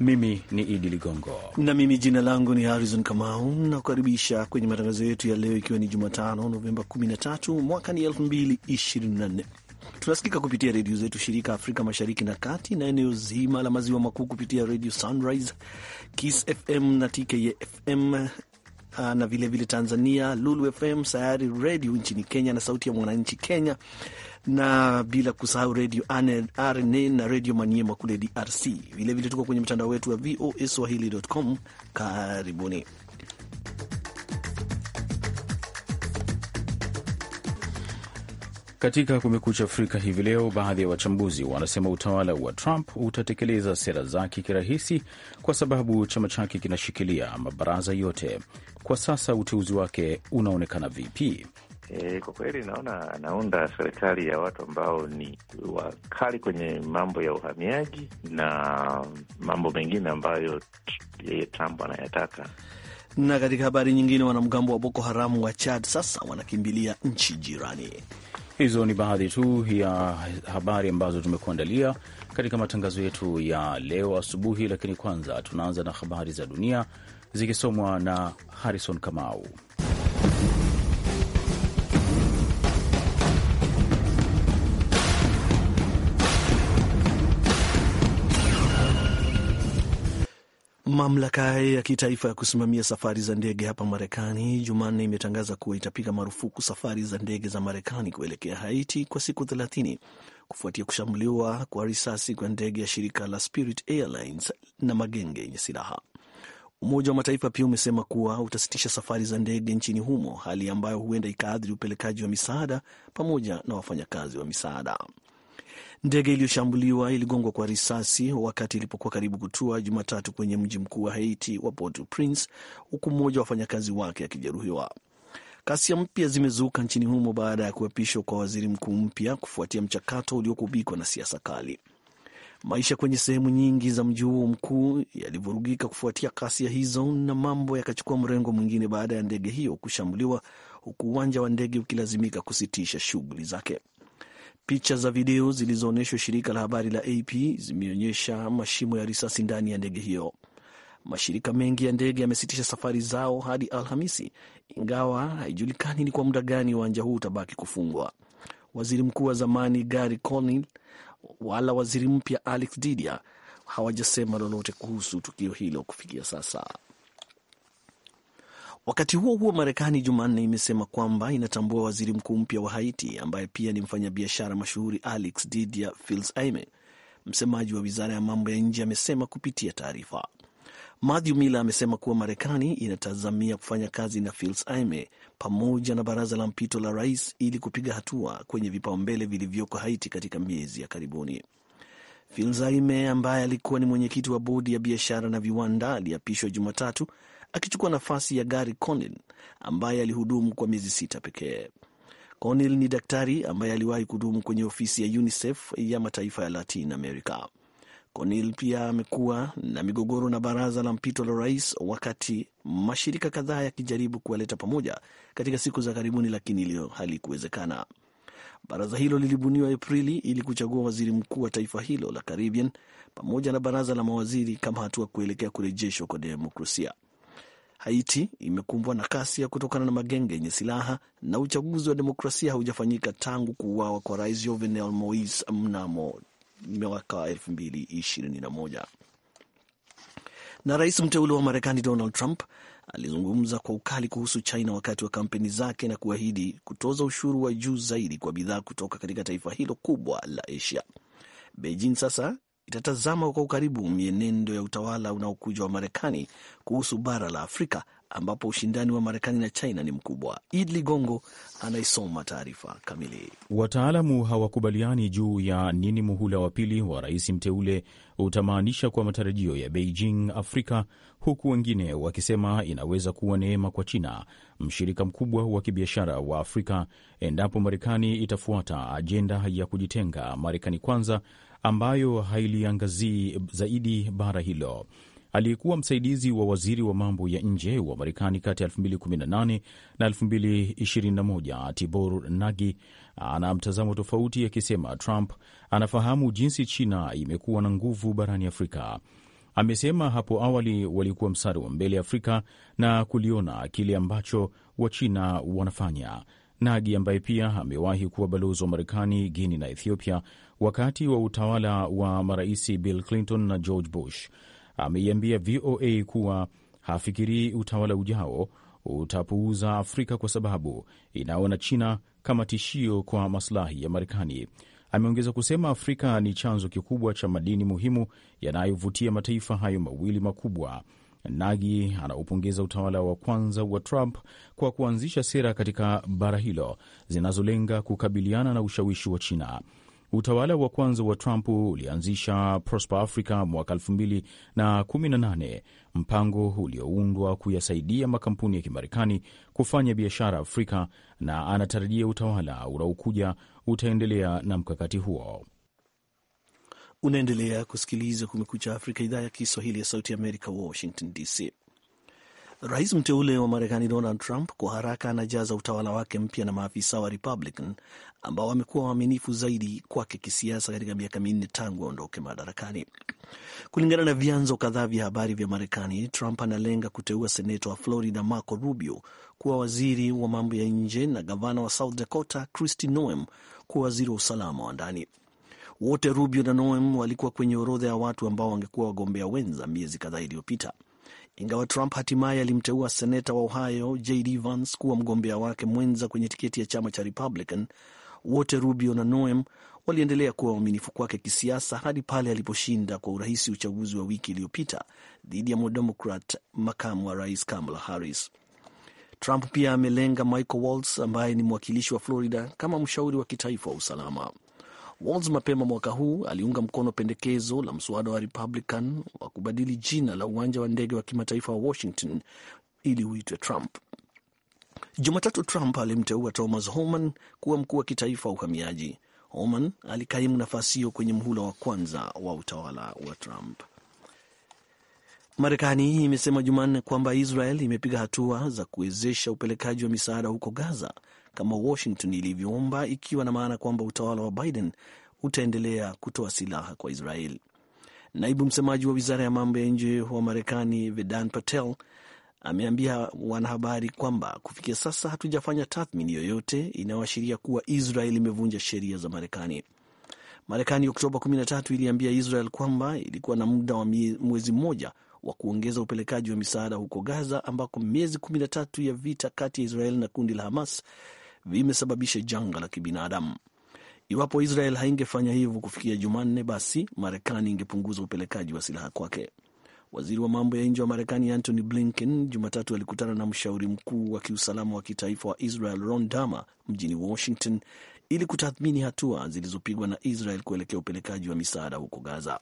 mimi ni Idi Ligongo na mimi jina langu ni Harrison Kamau. Nakukaribisha kwenye matangazo yetu ya leo, ikiwa ni Jumatano Novemba 13 mwaka ni 2024. Tunasikika kupitia redio zetu shirika Afrika Mashariki na Kati na eneo zima la Maziwa Makuu kupitia redio Sunrise, Kiss FM na TKFM ah, na vilevile vile Tanzania Lulu FM, Sayari Redio nchini Kenya na Sauti ya Mwananchi Kenya na bila kusahau redio RN na redio Maniema kule DRC. Vilevile tuko kwenye mtandao wetu wa VOA Swahili.com. Karibuni. Katika Kumekucha Afrika hivi leo, baadhi ya wachambuzi wanasema utawala wa Trump utatekeleza sera zake kirahisi kwa sababu chama chake kinashikilia mabaraza yote. Kwa sasa uteuzi wake unaonekana vipi? E, kwa kweli naona anaunda serikali ya watu ambao ni wakali kwenye mambo ya uhamiaji na mambo mengine ambayo yeye Trump anayataka. Na katika habari nyingine, wanamgambo wa Boko Haramu wa Chad sasa wanakimbilia nchi jirani. Hizo ni baadhi tu ya habari ambazo tumekuandalia katika matangazo yetu ya leo asubuhi, lakini kwanza tunaanza na habari za dunia zikisomwa na Harrison Kamau. Mamlaka ya kitaifa ya kusimamia safari za ndege hapa Marekani Jumanne imetangaza kuwa itapiga marufuku safari za ndege za Marekani kuelekea Haiti kwa siku thelathini kufuatia kushambuliwa kwa risasi kwa ndege ya shirika la Spirit Airlines na magenge yenye silaha. Umoja wa Mataifa pia umesema kuwa utasitisha safari za ndege nchini humo, hali ambayo huenda ikaathiri upelekaji wa misaada pamoja na wafanyakazi wa misaada. Ndege iliyoshambuliwa iligongwa kwa risasi wakati ilipokuwa karibu kutua Jumatatu kwenye mji mkuu wa Haiti wa Port-au-Prince, huku mmoja wa wafanyakazi wake akijeruhiwa. Ghasia mpya zimezuka nchini humo baada ya kuapishwa kwa waziri mkuu mpya kufuatia mchakato uliokubikwa na siasa kali. Maisha kwenye sehemu nyingi za mji huo mkuu yalivurugika kufuatia ghasia hizo, na mambo yakachukua mrengo mwingine baada ya ndege hiyo kushambuliwa, huku uwanja wa ndege ukilazimika kusitisha shughuli zake. Picha za video zilizoonyeshwa shirika la habari la AP zimeonyesha mashimo ya risasi ndani ya ndege hiyo. Mashirika mengi ya ndege yamesitisha safari zao hadi Alhamisi, ingawa haijulikani ni kwa muda gani uwanja huu utabaki kufungwa. Waziri mkuu wa zamani Gary Conil wala waziri mpya Alex Didia hawajasema lolote kuhusu tukio hilo kufikia sasa. Wakati huo huo, Marekani Jumanne imesema kwamba inatambua waziri mkuu mpya wa Haiti ambaye pia ni mfanyabiashara mashuhuri Alex Didier Aime. Msemaji wa wizara ya mambo ya nje amesema kupitia taarifa. Matthew Miller amesema kuwa Marekani inatazamia kufanya kazi na Aime pamoja na baraza la mpito la rais ili kupiga hatua kwenye vipaumbele vilivyoko Haiti katika miezi ya karibuni. Filsaime ambaye alikuwa ni mwenyekiti wa bodi ya biashara na viwanda aliapishwa Jumatatu akichukua nafasi ya Gary Conil ambaye alihudumu kwa miezi sita pekee. Conil ni daktari ambaye aliwahi kudumu kwenye ofisi ya UNICEF ya mataifa ya Latin America. Conil pia amekuwa na migogoro na baraza la mpito la rais, wakati mashirika kadhaa yakijaribu kuwaleta pamoja katika siku za karibuni, lakini hilo halikuwezekana. Baraza hilo lilibuniwa Aprili ili kuchagua waziri mkuu wa taifa hilo la Caribbean pamoja na baraza la mawaziri kama hatua kuelekea kurejeshwa kwa demokrasia. Haiti imekumbwa na kasi ya kutokana na magenge yenye silaha na uchaguzi wa demokrasia haujafanyika tangu kuuawa kwa rais Jovenel Mois mnamo mwaka wa 2021. Na rais mteule wa Marekani Donald Trump alizungumza kwa ukali kuhusu China wakati wa kampeni zake na kuahidi kutoza ushuru wa juu zaidi kwa bidhaa kutoka katika taifa hilo kubwa la Asia. Beijing sasa itatazama kwa ukaribu mienendo ya utawala unaokuja wa Marekani kuhusu bara la Afrika ambapo ushindani wa Marekani na China ni mkubwa. Id Ligongo anaisoma taarifa kamili. Wataalamu hawakubaliani juu ya nini muhula wa pili wa rais mteule utamaanisha kwa matarajio ya Beijing Afrika, huku wengine wakisema inaweza kuwa neema kwa China, mshirika mkubwa wa kibiashara wa Afrika, endapo Marekani itafuata ajenda ya kujitenga Marekani kwanza ambayo hailiangazii zaidi bara hilo. Aliyekuwa msaidizi wa waziri wa mambo ya nje wa Marekani kati ya 2018 na 2021, Tibor Nagi ana mtazamo tofauti akisema Trump anafahamu jinsi China imekuwa na nguvu barani Afrika. Amesema hapo awali walikuwa mstari wa mbele Afrika na kuliona kile ambacho Wachina wanafanya Nagi ambaye pia amewahi kuwa balozi wa Marekani Guini na Ethiopia wakati wa utawala wa marais Bill Clinton na George Bush ameiambia VOA kuwa hafikirii utawala ujao utapuuza Afrika kwa sababu inaona China kama tishio kwa maslahi ya Marekani. Ameongeza kusema Afrika ni chanzo kikubwa cha madini muhimu yanayovutia mataifa hayo mawili makubwa Nagi anaupongeza utawala wa kwanza wa Trump kwa kuanzisha sera katika bara hilo zinazolenga kukabiliana na ushawishi wa China. Utawala wa kwanza wa Trump ulianzisha Prosper Africa mwaka 2018, mpango ulioundwa kuyasaidia makampuni ya Kimarekani kufanya biashara Afrika, na anatarajia utawala unaokuja utaendelea na mkakati huo. Unaendelea kusikiliza Kumekucha Afrika, idhaa ya Kiswahili ya Sauti Amerika, Washington DC. Rais mteule wa Marekani Donald Trump kwa haraka anajaza utawala wake mpya na maafisa wa Republican ambao wamekuwa waaminifu zaidi kwake kisiasa katika miaka minne tangu aondoke madarakani. Kulingana na vyanzo kadhaa vya habari vya Marekani, Trump analenga kuteua seneta wa Florida Marco Rubio kuwa waziri wa mambo ya nje na gavana wa South Dakota Kristi Noem kuwa waziri wa usalama wa ndani. Wote Rubio na Noem walikuwa kwenye orodha ya watu ambao wangekuwa wagombea wenza miezi kadhaa iliyopita, ingawa Trump hatimaye alimteua seneta wa Ohio JD Vance kuwa mgombea wake mwenza kwenye tiketi ya chama cha Republican. Wote Rubio na Noem waliendelea kuwa waaminifu kwake kisiasa hadi pale aliposhinda kwa urahisi uchaguzi wa wiki iliyopita dhidi ya Mdemokrat makamu wa rais Kamala Harris. Trump pia amelenga Michael Waltz ambaye ni mwakilishi wa Florida kama mshauri wa kitaifa wa usalama. Walz mapema mwaka huu aliunga mkono pendekezo la mswada wa Republican wa kubadili jina la uwanja wa ndege wa kimataifa wa Washington ili uitwe Trump. Jumatatu, Trump alimteua Thomas Homan kuwa mkuu wa kitaifa wa uhamiaji. Homan alikaimu nafasi hiyo kwenye mhula wa kwanza wa utawala wa Trump. Marekani imesema Jumanne kwamba Israel imepiga hatua za kuwezesha upelekaji wa misaada huko Gaza kama Washington ilivyoomba, ikiwa na maana kwamba utawala wa Biden utaendelea kutoa silaha kwa Israel. Naibu msemaji wa wizara ya mambo ya nje wa Marekani Vedan Patel ameambia wanahabari kwamba kufikia sasa hatujafanya tathmini yoyote inayoashiria kuwa Israel imevunja sheria za Marekani. Marekani Oktoba 13 iliambia Israel kwamba ilikuwa na muda wa mwezi mmoja wa kuongeza upelekaji wa misaada huko Gaza, ambako miezi 13 ya vita kati ya Israel na kundi la Hamas vimesababisha janga la kibinadamu. Iwapo Israel haingefanya hivyo kufikia Jumanne, basi Marekani ingepunguza upelekaji wa silaha kwake. Waziri wa mambo ya nje wa Marekani Antony Blinken Jumatatu alikutana na mshauri mkuu wa kiusalama wa kitaifa wa Israel Ron Dama mjini Washington ili kutathmini hatua zilizopigwa na Israel kuelekea upelekaji wa misaada huko Gaza.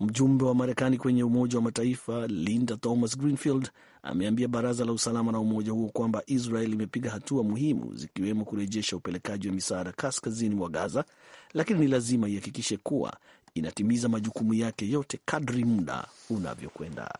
Mjumbe wa Marekani kwenye Umoja wa Mataifa Linda Thomas Greenfield ameambia baraza la usalama na umoja huo kwamba Israel imepiga hatua muhimu zikiwemo kurejesha upelekaji wa misaada kaskazini mwa Gaza, lakini ni lazima ihakikishe kuwa inatimiza majukumu yake yote kadri muda unavyokwenda.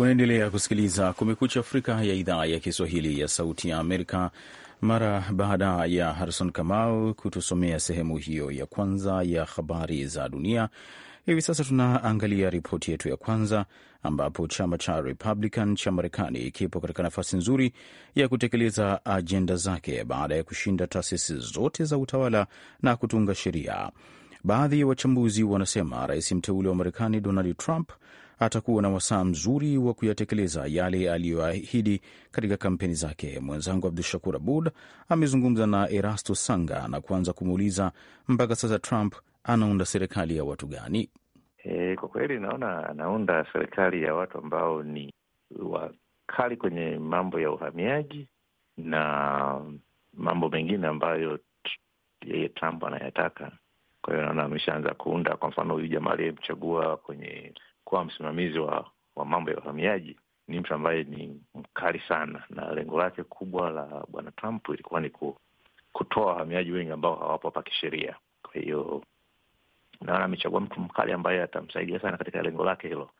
Unaendelea kusikiliza Kumekucha Afrika ya idhaa ya Kiswahili ya Sauti ya Amerika. Mara baada ya Harison Kamau kutusomea sehemu hiyo ya kwanza ya habari za dunia, hivi sasa tunaangalia ripoti yetu ya kwanza, ambapo chama cha Republican cha Marekani kipo katika nafasi nzuri ya kutekeleza ajenda zake baada ya kushinda taasisi zote za utawala na kutunga sheria. Baadhi ya wa wachambuzi wanasema rais mteule wa Marekani Donald Trump atakuwa na wasaa mzuri wa kuyatekeleza yale aliyoahidi katika kampeni zake. Mwenzangu Abdu Shakur Abud amezungumza na Erasto Sanga na kuanza kumuuliza mpaka sasa Trump anaunda serikali ya watu gani? E, kwa kweli naona anaunda serikali ya watu ambao ni wakali kwenye mambo ya uhamiaji na mambo mengine ambayo yeye Trump anayataka. Kwa hiyo naona ameshaanza kuunda, kwa mfano huyu jamaa aliyemchagua kwenye kuwa msimamizi wa, wa mambo ya uhamiaji ni mtu ambaye ni mkali sana, na lengo lake kubwa la bwana Trump ilikuwa ni kutoa wahamiaji wengi ambao hawapo hapa kisheria. Kwa hiyo naona amechagua mtu mkali ambaye atamsaidia sana katika lengo lake hilo.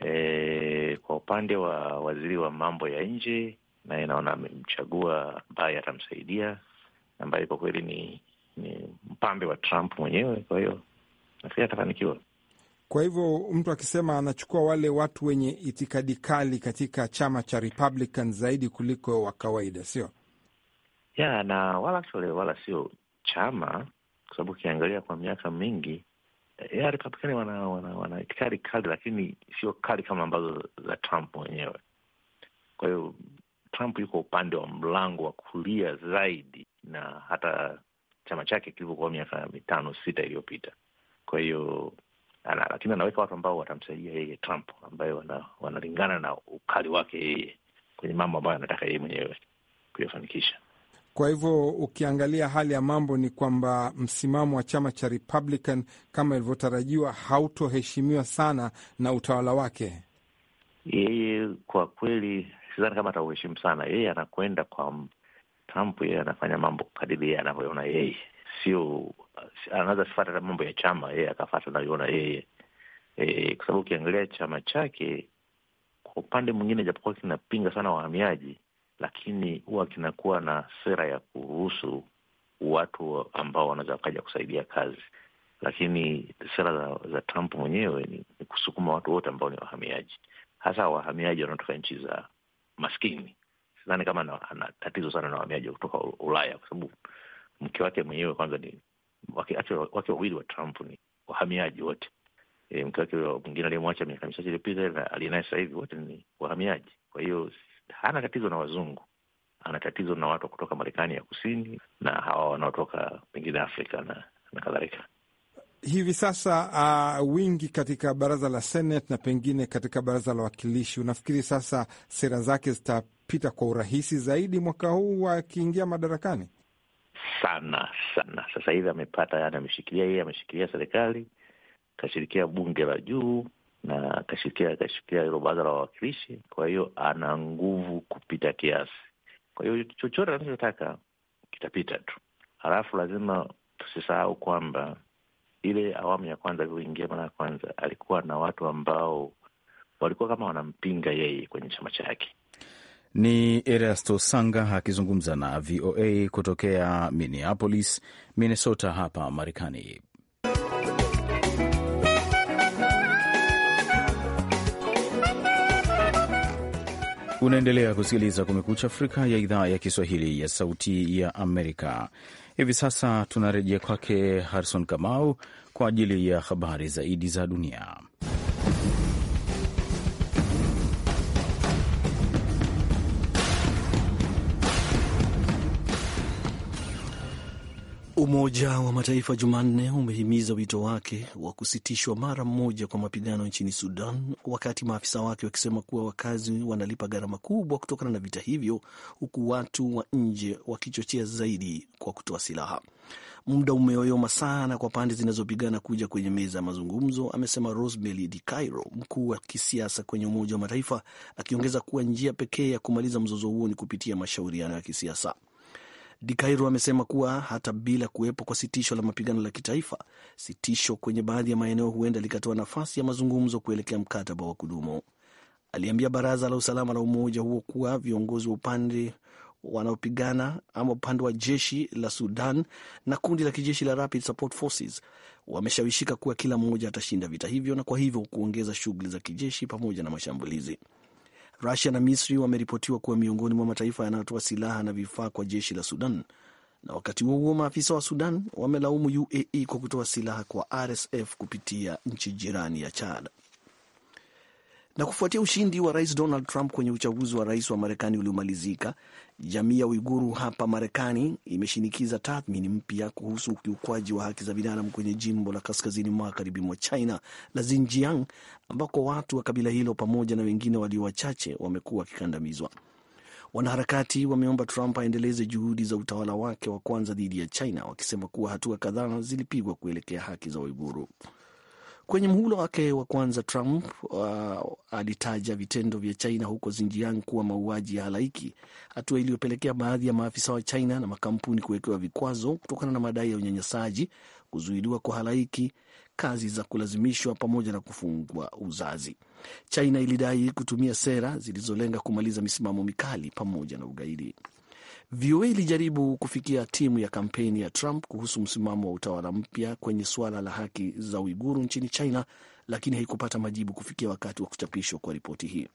E, kwa upande wa waziri wa mambo ya nje naye naona amemchagua ambaye atamsaidia, ambaye kwa kweli ni, ni mpambe wa Trump mwenyewe. Kwa hiyo nafikiri atafanikiwa. Kwa hivyo mtu akisema anachukua wale watu wenye itikadi kali katika chama cha Republican zaidi kuliko wa kawaida, sio yeah, na wala actually, wala sio chama, kwa sababu ukiangalia kwa miaka mingi ya Republican wana, wana, wana itikadi kali, lakini sio kali kama ambazo za Trump mwenyewe. Kwa hiyo Trump yuko upande wa mlango wa kulia zaidi, na hata chama chake kilivyokuwa miaka mitano sita iliyopita. Kwa hiyo lakini anaweka watu ambao watamsaidia yeye Trump, ambayo wanalingana na ukali wake yeye kwenye mambo ambayo anataka yeye mwenyewe kuyafanikisha. Kwa hivyo ukiangalia hali ya mambo ni kwamba msimamo wa chama cha Republican kama ilivyotarajiwa hautoheshimiwa sana na utawala wake. Yeye kwa kweli sidhani kama atauheshimu sana. Yeye anakwenda kwa Trump, yeye anafanya mambo kadiri anavyoona yeye sio, anaweza sifata hata mambo ya chama, yeye akafata anavyoona yeye, e, kwa sababu ukiangalia chama chake kwa upande mwingine, japokuwa kinapinga sana wahamiaji, lakini huwa kinakuwa na sera ya kuruhusu watu ambao wanaweza wakaja kusaidia kazi, lakini sera za, za Trump mwenyewe ni, ni kusukuma watu wote ambao ni wahamiaji, hasa wahamiaji wanaotoka nchi za maskini. Sidhani kama ana tatizo sana na wahamiaji kutoka Ulaya kwa sababu mke wake mwenyewe kwanza ni wake, wake wawili wa Trump ni wahamiaji wote. E, mke wake mwingine aliyemwacha miaka michache iliyopita na aliye naye sasa hivi wote ni wahamiaji. Kwa hiyo hana tatizo na wazungu, ana tatizo na watu kutoka Marekani ya kusini na hawa wanaotoka pengine Afrika na, na kadhalika. Hivi sasa uh, wingi katika baraza la Senate na pengine katika baraza la wakilishi, unafikiri sasa sera zake zitapita kwa urahisi zaidi mwaka huu akiingia madarakani? sana sana. Sasa hivi amepata, yani ameshikilia yeye, ameshikilia serikali, kashirikia bunge la juu na kashirikia kashirikia hilo baraza la wawakilishi. Kwa hiyo ana nguvu kupita kiasi. Kwa hiyo chochote anachotaka kitapita tu. Halafu lazima tusisahau kwamba ile awamu ya kwanza alivyoingia mara ya kwanza alikuwa na watu ambao walikuwa kama wanampinga yeye kwenye chama chake, ni Erasto Sanga akizungumza na VOA kutokea Minneapolis, Minnesota, hapa Marekani. Unaendelea kusikiliza Kumekucha Afrika ya idhaa ya Kiswahili ya Sauti ya Amerika. Hivi sasa tunarejea kwake Harrison Kamau kwa ajili ya habari zaidi za dunia. Umoja wa Mataifa Jumanne umehimiza wito wake wa kusitishwa mara moja kwa mapigano nchini Sudan, wakati maafisa wake wakisema kuwa wakazi wanalipa gharama kubwa kutokana na vita hivyo, huku watu wa nje wakichochea zaidi kwa kutoa silaha. Muda umeoyoma sana kwa pande zinazopigana kuja kwenye meza ya mazungumzo, amesema Rosemary cairo mkuu wa kisiasa kwenye Umoja wa Mataifa, akiongeza kuwa njia pekee ya kumaliza mzozo huo ni kupitia mashauriano ya kisiasa. Dikairo amesema kuwa hata bila kuwepo kwa sitisho la mapigano la kitaifa, sitisho kwenye baadhi ya maeneo huenda likatoa nafasi ya mazungumzo kuelekea mkataba wa kudumu. Aliambia baraza la usalama la umoja huo kuwa viongozi wa upande wanaopigana ama upande wa jeshi la Sudan na kundi la kijeshi la Rapid Support Forces wameshawishika kuwa kila mmoja atashinda vita hivyo na kwa hivyo kuongeza shughuli za kijeshi pamoja na mashambulizi. Rusia na Misri wameripotiwa kuwa miongoni mwa mataifa yanayotoa silaha na vifaa kwa jeshi la Sudan, na wakati huo huo maafisa wa Sudan wamelaumu UAE kwa kutoa silaha kwa RSF kupitia nchi jirani ya Chad. Na kufuatia ushindi wa Rais Donald Trump kwenye uchaguzi wa rais wa Marekani uliomalizika, jamii ya Uiguru hapa Marekani imeshinikiza tathmini mpya kuhusu ukiukwaji wa haki za binadamu kwenye jimbo la kaskazini magharibi mwa China la Xinjiang, ambako watu wa kabila hilo pamoja na wengine walio wachache wamekuwa wakikandamizwa. Wanaharakati wameomba Trump aendeleze juhudi za utawala wake wa kwanza dhidi ya China, wakisema kuwa hatua kadhaa zilipigwa kuelekea haki za Uiguru. Kwenye mhula wake wa kwanza Trump uh, alitaja vitendo vya China huko Xinjiang kuwa mauaji ya halaiki, hatua iliyopelekea baadhi ya maafisa wa China na makampuni kuwekewa vikwazo kutokana na madai ya unyanyasaji, kuzuiliwa kwa halaiki, kazi za kulazimishwa pamoja na kufungwa uzazi. China ilidai kutumia sera zilizolenga kumaliza misimamo mikali pamoja na ugaidi. VOA ilijaribu kufikia timu ya kampeni ya Trump kuhusu msimamo wa utawala mpya kwenye suala la haki za Uiguru nchini China, lakini haikupata majibu kufikia wakati wa kuchapishwa kwa ripoti hii.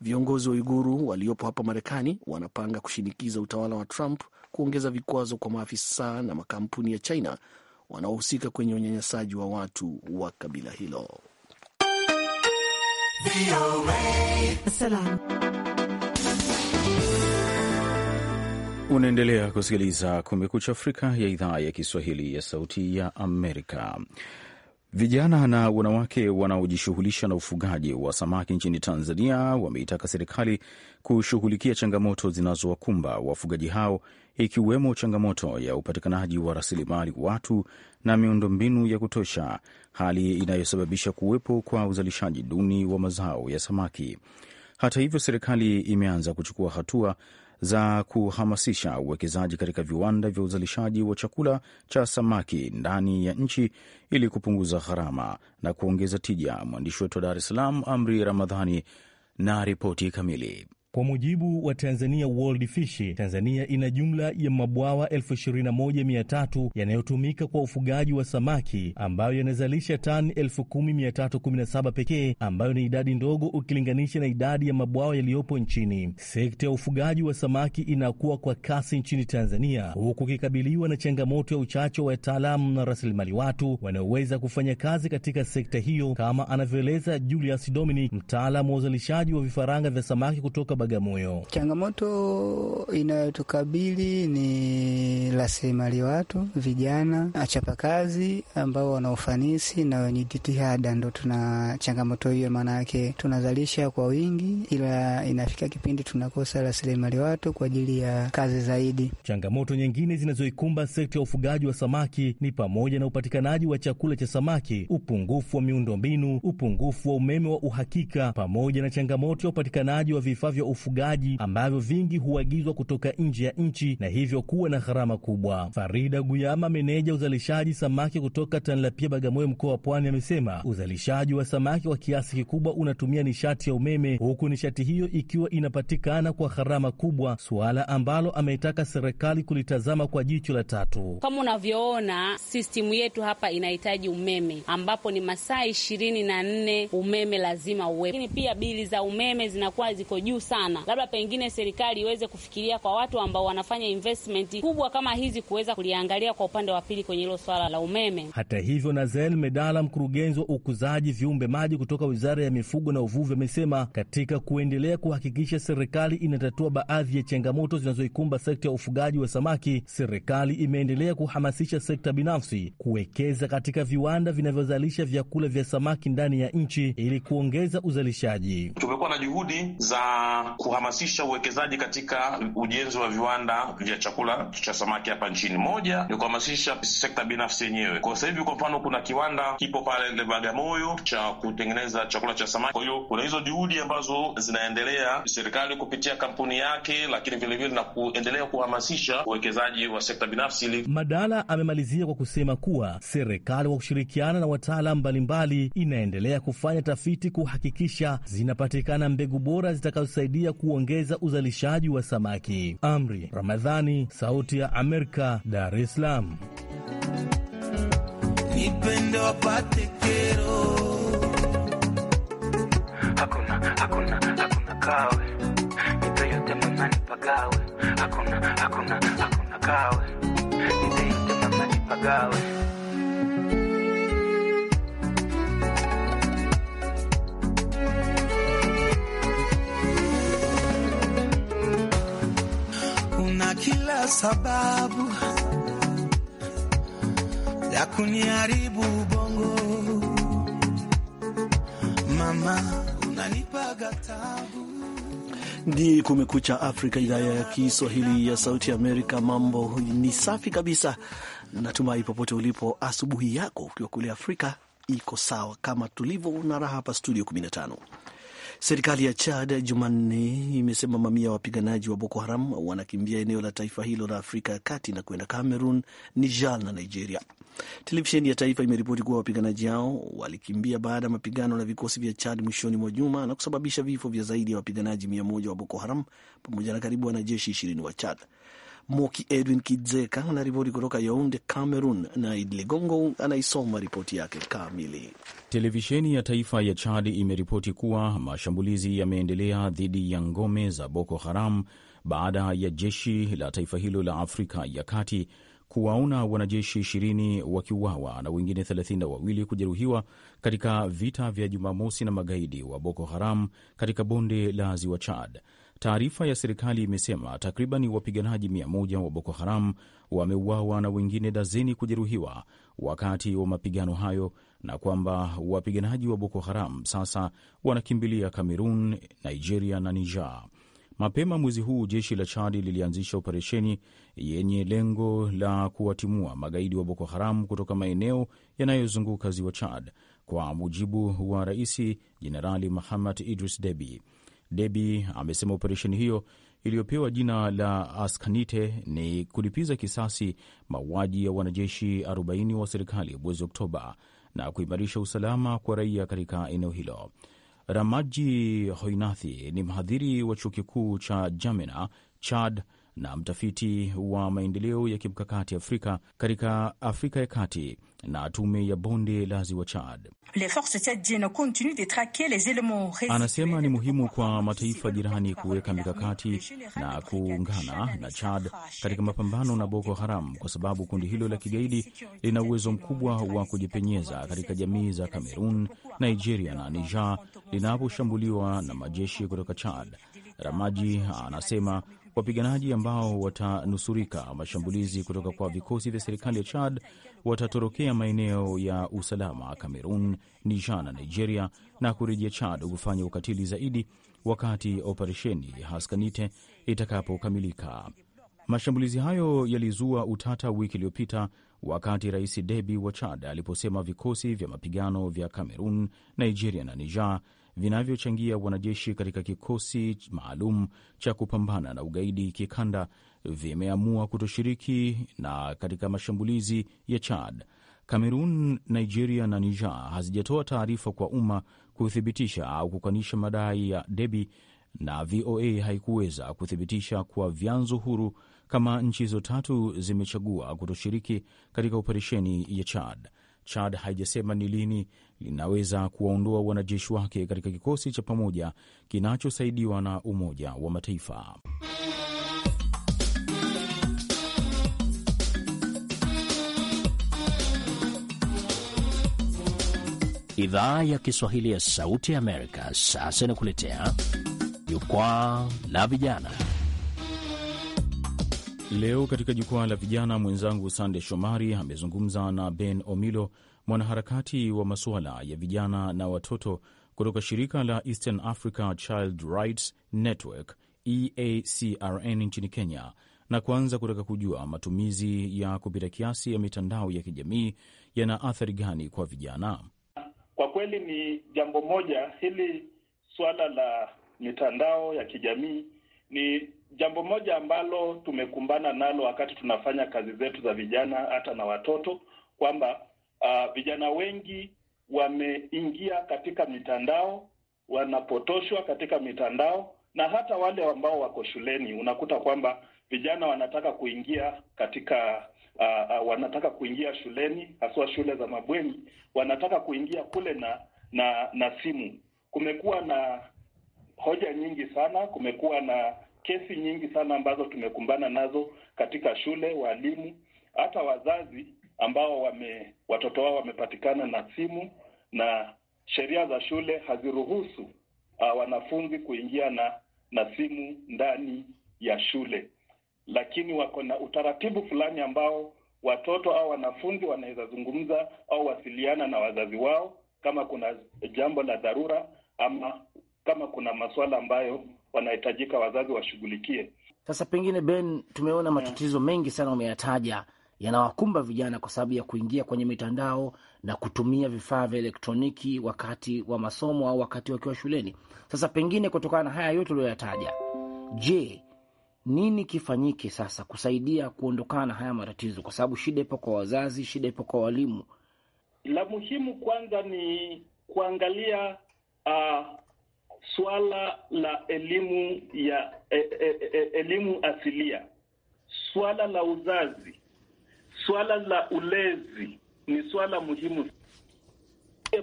Viongozi wa Uiguru waliopo hapa Marekani wanapanga kushinikiza utawala wa Trump kuongeza vikwazo kwa maafisa na makampuni ya China wanaohusika kwenye unyanyasaji wa watu wa kabila hilo. Unaendelea kusikiliza Kumekucha Afrika ya idhaa ya Kiswahili ya Sauti ya Amerika. Vijana na wanawake wanaojishughulisha na ufugaji wa samaki nchini Tanzania wameitaka serikali kushughulikia changamoto zinazowakumba wafugaji hao ikiwemo changamoto ya upatikanaji wa rasilimali watu na miundombinu ya kutosha, hali inayosababisha kuwepo kwa uzalishaji duni wa mazao ya samaki. Hata hivyo, serikali imeanza kuchukua hatua za kuhamasisha uwekezaji katika viwanda vya uzalishaji wa chakula cha samaki ndani ya nchi ili kupunguza gharama na kuongeza tija. Mwandishi wetu wa Dar es Salaam, Amri Ramadhani, na ripoti kamili. Kwa mujibu wa Tanzania World Fish, Tanzania ina jumla ya mabwawa 21300 yanayotumika kwa ufugaji wa samaki ambayo yanazalisha tani 10317 pekee, ambayo ni idadi ndogo ukilinganisha na idadi ya mabwawa yaliyopo nchini. Sekta ya ufugaji wa samaki inakuwa kwa kasi nchini Tanzania, huku ikikabiliwa na changamoto ya uchache wa wataalamu na rasilimali watu wanaoweza kufanya kazi katika sekta hiyo, kama anavyoeleza Julius Dominic, mtaalamu wa uzalishaji wa vifaranga vya samaki kutoka Bagamoyo. Changamoto inayotukabili ni rasilimali watu, vijana achapakazi, ambao wana ufanisi na wenye jitihada, ndo tuna changamoto hiyo. Maana yake tunazalisha kwa wingi, ila inafika kipindi tunakosa rasilimali watu kwa ajili ya kazi zaidi. Changamoto nyingine zinazoikumba sekta ya ufugaji wa samaki ni pamoja na upatikanaji wa chakula cha samaki, upungufu wa miundombinu, upungufu wa umeme wa uhakika, pamoja na changamoto ya upatikanaji wa vifaa vya ufugaji ambavyo vingi huagizwa kutoka nje ya nchi na hivyo kuwa na gharama kubwa. Farida Guyama, meneja uzalishaji samaki kutoka Tanlapia Bagamoyo, mkoa wa Pwani, amesema uzalishaji wa samaki kwa kiasi kikubwa unatumia nishati ya umeme, huku nishati hiyo ikiwa inapatikana kwa gharama kubwa, suala ambalo ameitaka serikali kulitazama kwa jicho la tatu. Kama unavyoona sistimu yetu hapa inahitaji umeme, ambapo ni masaa ishirini na nne umeme lazima uwepo, lakini pia bili za umeme zinakuwa ziko juu sana sana, labda pengine serikali iweze kufikiria kwa watu ambao wanafanya investment kubwa kama hizi kuweza kuliangalia kwa upande wa pili kwenye hilo swala la umeme. Hata hivyo, Nazael Medala, mkurugenzi wa ukuzaji viumbe maji kutoka Wizara ya Mifugo na Uvuvi, amesema katika kuendelea kuhakikisha serikali inatatua baadhi ya changamoto zinazoikumba sekta ya ufugaji wa samaki, serikali imeendelea kuhamasisha sekta binafsi kuwekeza katika viwanda vinavyozalisha vyakula vya samaki ndani ya nchi ili kuongeza uzalishaji. Tumekuwa na juhudi za kuhamasisha uwekezaji katika ujenzi wa viwanda vya chakula cha samaki hapa nchini. Moja ni kuhamasisha sekta binafsi yenyewe. Kwa sasa hivi, kwa mfano, kuna kiwanda kipo pale Bagamoyo cha kutengeneza chakula cha samaki. Kwa hiyo kuna hizo juhudi ambazo zinaendelea serikali kupitia kampuni yake, lakini vilevile na kuendelea kuhamasisha uwekezaji wa sekta binafsi. Madala amemalizia kwa kusema kuwa serikali kwa kushirikiana na wataalam mbalimbali inaendelea kufanya tafiti kuhakikisha zinapatikana mbegu bora zitakazosaidia kusaidia kuongeza uzalishaji wa samaki. Amri Ramadhani, Sauti ya Amerika, Dar es Salaam. Nipende wapate kero. Hakuna, hakuna, hakuna kawe. yote mama nipagawe. Hakuna, hakuna, hakuna kawe. yote mama nipagawe. sababu ya kuniharibu ubongo mama, unanipaga tabu Ni Kumekucha Afrika, idhaa ya Kiswahili ya Sauti ya Amerika. Mambo ni safi kabisa, natumai popote ulipo, asubuhi yako ukiwa kule Afrika iko sawa, kama tulivyo na raha hapa studio 15. Serikali ya Chad Jumanne imesema mamia ya wapiganaji wa Boko Haram wanakimbia eneo la taifa hilo la Afrika ya Kati na kwenda Cameroon, Niger na Nigeria. Televisheni ya taifa imeripoti kuwa wapiganaji hao walikimbia baada ya mapigano na vikosi vya Chad mwishoni mwa juma na kusababisha vifo vya zaidi ya wapiganaji mia moja wa Boko Haram pamoja na karibu wanajeshi ishirini wa Chad. Moki Edwin Kidzeka anaripoti kutoka Yaunde, Cameroon, na Idi Ligongo anaisoma ripoti yake kamili. Televisheni ya taifa ya Chad imeripoti kuwa mashambulizi yameendelea dhidi ya ngome za Boko Haram baada ya jeshi la taifa hilo la Afrika ya Kati kuwaona wanajeshi ishirini wakiuawa na wengine thelathini na wawili kujeruhiwa katika vita vya Jumamosi na magaidi wa Boko Haram katika bonde la ziwa Chad. Taarifa ya serikali imesema takriban wapiganaji mia moja wa Boko Haram wameuawa na wengine dazeni kujeruhiwa wakati wa mapigano hayo na kwamba wapiganaji wa Boko Haram sasa wanakimbilia Kamerun, Nigeria na Niger. Mapema mwezi huu jeshi la Chadi lilianzisha operesheni yenye lengo la kuwatimua magaidi wa Boko Haram kutoka maeneo yanayozunguka ziwa Chad, kwa mujibu wa Rais Jenerali Mahamad Idris Deby. Debi amesema operesheni hiyo iliyopewa jina la Askanite ni kulipiza kisasi mauaji ya wanajeshi 40 wa serikali mwezi Oktoba na kuimarisha usalama kwa raia katika eneo hilo. Ramaji Hoinathi ni mhadhiri wa chuo kikuu cha Jamena, Chad, na mtafiti wa maendeleo ya kimkakati Afrika katika Afrika ya Kati na tume ya bonde la ziwa Chad anasema ni muhimu kwa mataifa jirani kuweka mikakati na kuungana na Chad katika mapambano na Boko Haram kwa sababu kundi hilo la kigaidi lina uwezo mkubwa wa kujipenyeza katika jamii za Kamerun, Nigeria na Niger linaposhambuliwa na majeshi kutoka Chad. Ramaji anasema Wapiganaji ambao watanusurika mashambulizi kutoka kwa vikosi vya serikali ya Chad watatorokea maeneo ya usalama Kamerun, Niger na Nigeria na kurejea Chad kufanya ukatili zaidi wakati operesheni Haskanite itakapokamilika. Mashambulizi hayo yalizua utata wiki iliyopita wakati Rais debi wa Chad aliposema vikosi vya mapigano vya Kamerun, Nigeria na Niger vinavyochangia wanajeshi katika kikosi maalum cha kupambana na ugaidi kikanda vimeamua kutoshiriki na katika mashambulizi ya Chad, Kamerun, Nigeria na Niger hazijatoa taarifa kwa umma kuthibitisha au kukanisha madai ya Debi na VOA haikuweza kuthibitisha kwa vyanzo huru kama nchi hizo tatu zimechagua kutoshiriki katika operesheni ya Chad. Chad haijasema ni lini linaweza kuwaondoa wanajeshi wake katika kikosi cha pamoja kinachosaidiwa na Umoja wa Mataifa. Idhaa ya Kiswahili ya Sauti ya Amerika sasa inakuletea Jukwaa la Vijana. Leo katika jukwaa la vijana, mwenzangu Sande Shomari amezungumza na Ben Omilo, mwanaharakati wa masuala ya vijana na watoto kutoka shirika la Eastern Africa Child Rights Network EACRN nchini Kenya, na kuanza kutaka kujua matumizi ya kupita kiasi ya mitandao ya kijamii yana athari gani kwa vijana. Kwa kweli ni jambo moja hili, suala la mitandao ya kijamii ni Jambo moja ambalo tumekumbana nalo wakati tunafanya kazi zetu za vijana hata na watoto kwamba uh, vijana wengi wameingia katika mitandao, wanapotoshwa katika mitandao, na hata wale ambao wako shuleni unakuta kwamba vijana wanataka kuingia katika uh, uh, wanataka kuingia shuleni, haswa shule za mabweni, wanataka kuingia kule na na na simu. Kumekuwa na hoja nyingi sana, kumekuwa na kesi nyingi sana ambazo tumekumbana nazo katika shule, walimu, hata wazazi ambao wame, watoto wao wamepatikana na simu, na sheria za shule haziruhusu uh, wanafunzi kuingia na na simu ndani ya shule, lakini wako na utaratibu fulani ambao watoto au wanafunzi wanaweza zungumza au wasiliana na wazazi wao kama kuna jambo la dharura ama kama kuna masuala ambayo wanahitajika wazazi washughulikie. Sasa pengine, Ben, tumeona hmm. matatizo yeah, mengi sana umeyataja yanawakumba vijana kwa sababu ya kuingia kwenye mitandao na kutumia vifaa vya elektroniki wakati wa masomo au wakati wakiwa shuleni. Sasa pengine, kutokana na haya yote uliyoyataja, je, nini kifanyike sasa kusaidia kuondokana na haya matatizo? Kwa sababu shida ipo kwa wazazi, shida ipo kwa walimu. La muhimu kwanza ni kuangalia uh, swala la elimu ya e, e, e, elimu asilia, swala la uzazi, swala la ulezi ni swala muhimu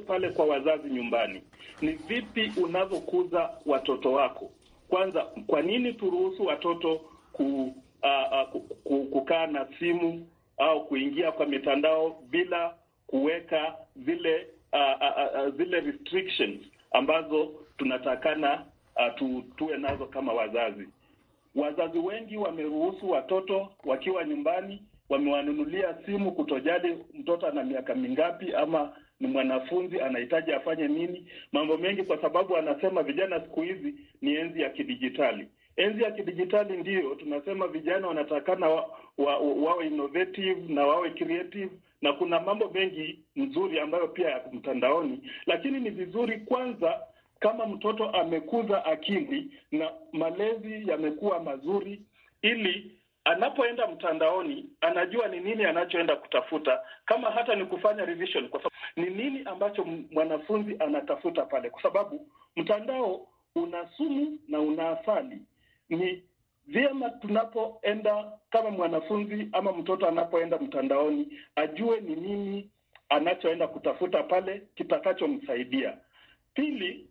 pale kwa wazazi nyumbani. Ni vipi unavyokuza watoto wako? Kwanza, kwa nini turuhusu watoto ku, a, a, ku, ku, kukaa na simu au kuingia kwa mitandao bila kuweka zile a, a, a, zile restrictions ambazo tunatakana uh, tuwe nazo kama wazazi. Wazazi wengi wameruhusu watoto wakiwa nyumbani, wamewanunulia simu, kutojali mtoto ana miaka mingapi ama ni mwanafunzi anahitaji afanye nini, mambo mengi, kwa sababu anasema vijana siku hizi ni enzi ya kidijitali. Enzi ya kidijitali ndiyo tunasema vijana wanatakana wawe wa, wa, wa innovative na wawe creative, na kuna mambo mengi nzuri ambayo pia yako mtandaoni, lakini ni vizuri kwanza kama mtoto amekuza akili na malezi yamekuwa mazuri, ili anapoenda mtandaoni anajua ni nini anachoenda kutafuta, kama hata ni kufanya revision, kwa sababu ni nini ambacho mwanafunzi anatafuta pale, kwa sababu mtandao una sumu na una asali. Ni vyema tunapoenda kama mwanafunzi ama mtoto anapoenda mtandaoni ajue ni nini anachoenda kutafuta pale kitakachomsaidia. Pili,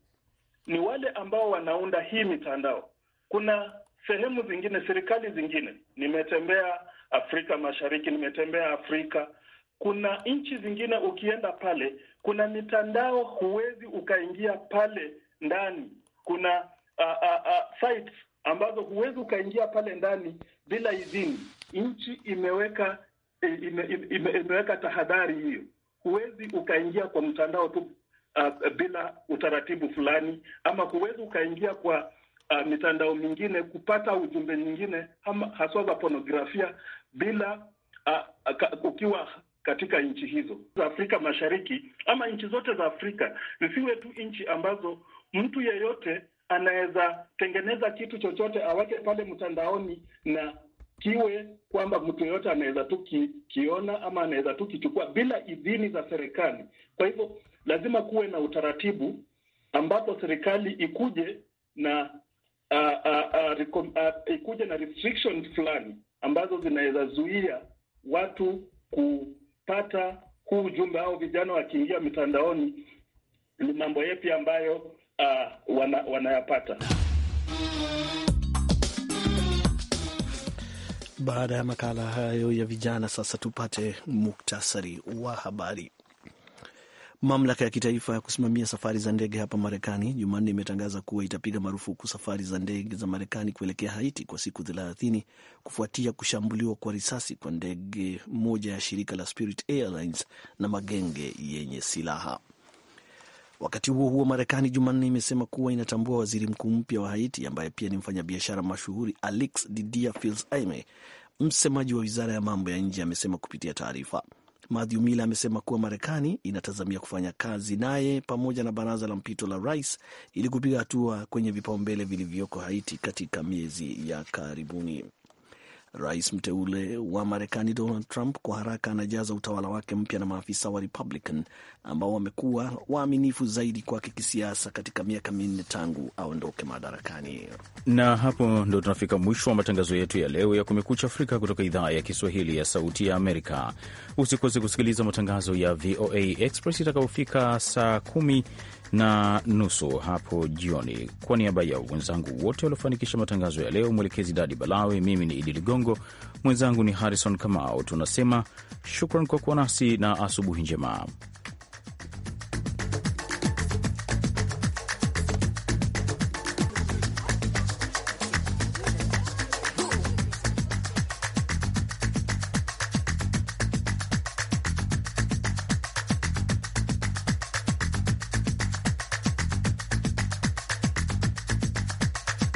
ni wale ambao wanaunda hii mitandao. Kuna sehemu zingine, serikali zingine, nimetembea Afrika Mashariki, nimetembea Afrika, kuna nchi zingine, ukienda pale kuna mitandao huwezi ukaingia pale ndani. Kuna uh, uh, uh, sites ambazo huwezi ukaingia pale ndani bila idhini. Nchi imeweka ime, ime, imeweka tahadhari hiyo, huwezi ukaingia kwa mtandao tu uh, bila utaratibu fulani, ama huwezi ukaingia kwa uh, mitandao mingine kupata ujumbe nyingine ama haswa za pornografia bila uh, ka, ukiwa katika nchi hizo za Afrika Mashariki ama nchi zote za Afrika, zisiwe tu nchi ambazo mtu yeyote anaweza tengeneza kitu chochote aweke pale mtandaoni na kiwe kwamba mtu yeyote anaweza tu kiona ama anaweza tu kichukua bila idhini za serikali. Kwa hivyo lazima kuwe na utaratibu ambapo serikali ikuje na uh, uh, uh, uh, ikuje na restrictions fulani ambazo zinaweza zuia watu kupata huu ujumbe au vijana wakiingia mitandaoni ni mambo yepi ambayo uh, wana, wanayapata. Baada ya makala hayo ya vijana, sasa tupate muktasari wa habari. Mamlaka ya kitaifa ya kusimamia safari za ndege hapa Marekani Jumanne imetangaza kuwa itapiga marufuku safari za ndege za Marekani kuelekea Haiti kwa siku thelathini kufuatia kushambuliwa kwa risasi kwa ndege moja ya shirika la Spirit Airlines na magenge yenye silaha. Wakati huo huo, Marekani Jumanne imesema kuwa inatambua waziri mkuu mpya wa Haiti ambaye pia ni mfanyabiashara mashuhuri Alix Didier Fils Aime. Msemaji wa wizara ya mambo ya nje amesema kupitia taarifa Matthew Miller amesema kuwa Marekani inatazamia kufanya kazi naye pamoja na baraza la mpito la rais ili kupiga hatua kwenye vipaumbele vilivyoko Haiti katika miezi ya karibuni. Rais mteule wa Marekani Donald Trump kwa haraka anajaza utawala wake mpya na maafisa wa Republican ambao wamekuwa waaminifu zaidi kwake kisiasa katika miaka minne tangu aondoke madarakani. Na hapo ndo tunafika mwisho wa matangazo yetu ya leo ya Kumekucha Afrika kutoka idhaa ya Kiswahili ya Sauti ya Amerika. Usikose kusikiliza matangazo ya VOA Express itakayofika saa kumi na nusu hapo jioni. Kwa niaba ya wenzangu wote waliofanikisha matangazo ya leo, mwelekezi Dadi Balawe, mimi ni Idi Ligongo, mwenzangu ni Harrison Kamau, tunasema shukran kwa kuwa nasi na asubuhi njema.